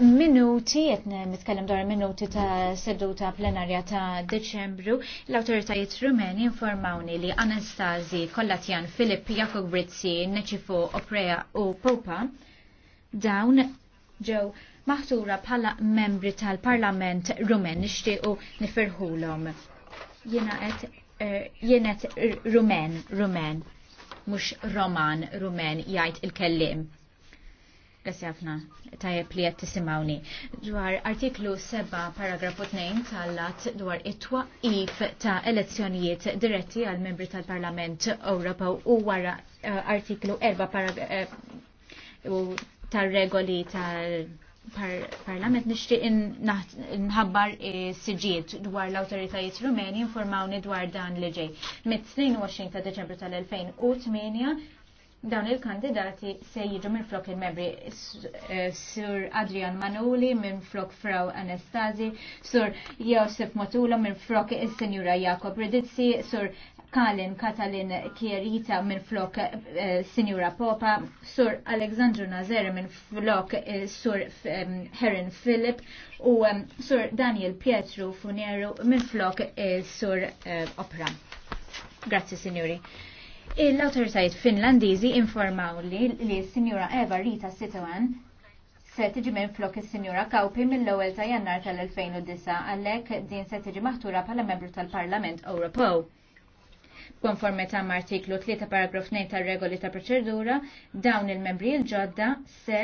Minuti, etne mitkellem dwar minuti ta' seduta plenarja ta' Deċembru, l-autoritajiet rumeni informawni li Anastazi Kollatjan Filip Jakub Brizzi, Neċifu Oprea u Popa, dawn ġew maħtura bħala membri tal-Parlament Rumen nixtiequ nifirħulhom. nifirħulom. qed er, jienet Rumen, Rumen, mhux Roman, Rumen jgħid il-kellim. Grazzi ħafna, tajep li qed Dwar artiklu 7 paragrafu 2 tal-lat dwar it-twaqif ta' elezzjonijiet diretti għal membri tal-Parlament Ewropew u wara eh, artiklu 4 paragrafu eh, tal-regoli tal-Parlament nixtieq nħabbar siġiet dwar l-awtoritajiet rumeni informawni dwar dan li ġej. Mit-22 ta' Deċembru tal-2008 dawn il-kandidati se jiġu minn flok il-membri eh, Sur Adrian Manuli minn flok Frau Anastasi, Sur Josef Motula minn flok il-Senjura Jakob Redizzi, Sur Kalin Katalin Kierita minn flok eh, Senjura Popa, Sur Aleksandru Nazer minn flok eh, Sur Heron Philip u Sur Daniel Pietru Funeru minn flok Sur Opera. Grazie, signori l autorizajt finlandiżi informaw li li s-Sinjura Eva Rita Sitowan se tiġi minn flok is-Sinjura Kawpi mill-ewwel ta' Jannar tal-2009 għalhekk din se tiġi maħtura bħala membru tal-Parlament Ewropew. Konformità ma' artiklu 3 paragraf 2 tar-regoli ta' proċedura, dawn il-membri il ġodda se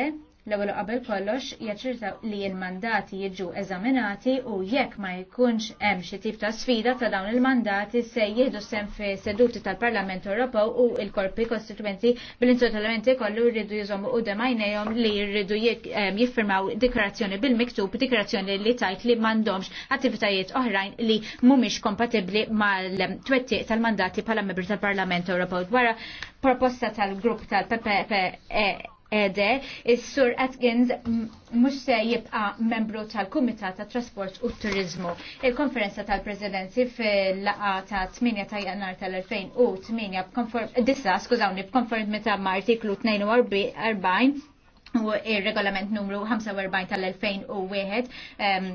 L-ewwel qabel kollox jaċċerta li l-mandati jiġu eżaminati u jekk ma jkunx hemm xi tip ta' sfida ta' dawn il-mandati se jieħdu sem fi seduti tal-Parlament Ewropew u l-korpi kostituenti bil-insotalamenti kollu jridu jżommu u demajnejhom li jridu jiffirmaw dikrazzjoni bil-miktub, dikrazzjoni li tajt li m'għandhomx attivitajiet oħrajn li mhumiex kompatibbli mal twetti tal-mandati bħala membri tal-Parlament Ewropew wara proposta tal-grupp tal-PPE ede, is-Sur Atkins mhux se jibqa' membru tal-Kumitat ta' Trasport u Turizmu. Il-konferenza tal-Presidenzi fil-laqa ta' 8 ta' Jannar tal-2008 b'konform disa, skużawni, b'konformità ta' artiklu 42 u il regolament numru 45 tal-2001